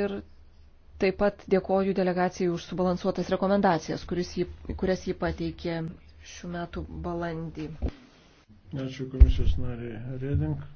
Ir taip pat dėkoju delegacijai už subalansuotas rekomendacijas, jį, kurias jį pateikė šių metų balandį. Ačiū komisijos nariai Redink.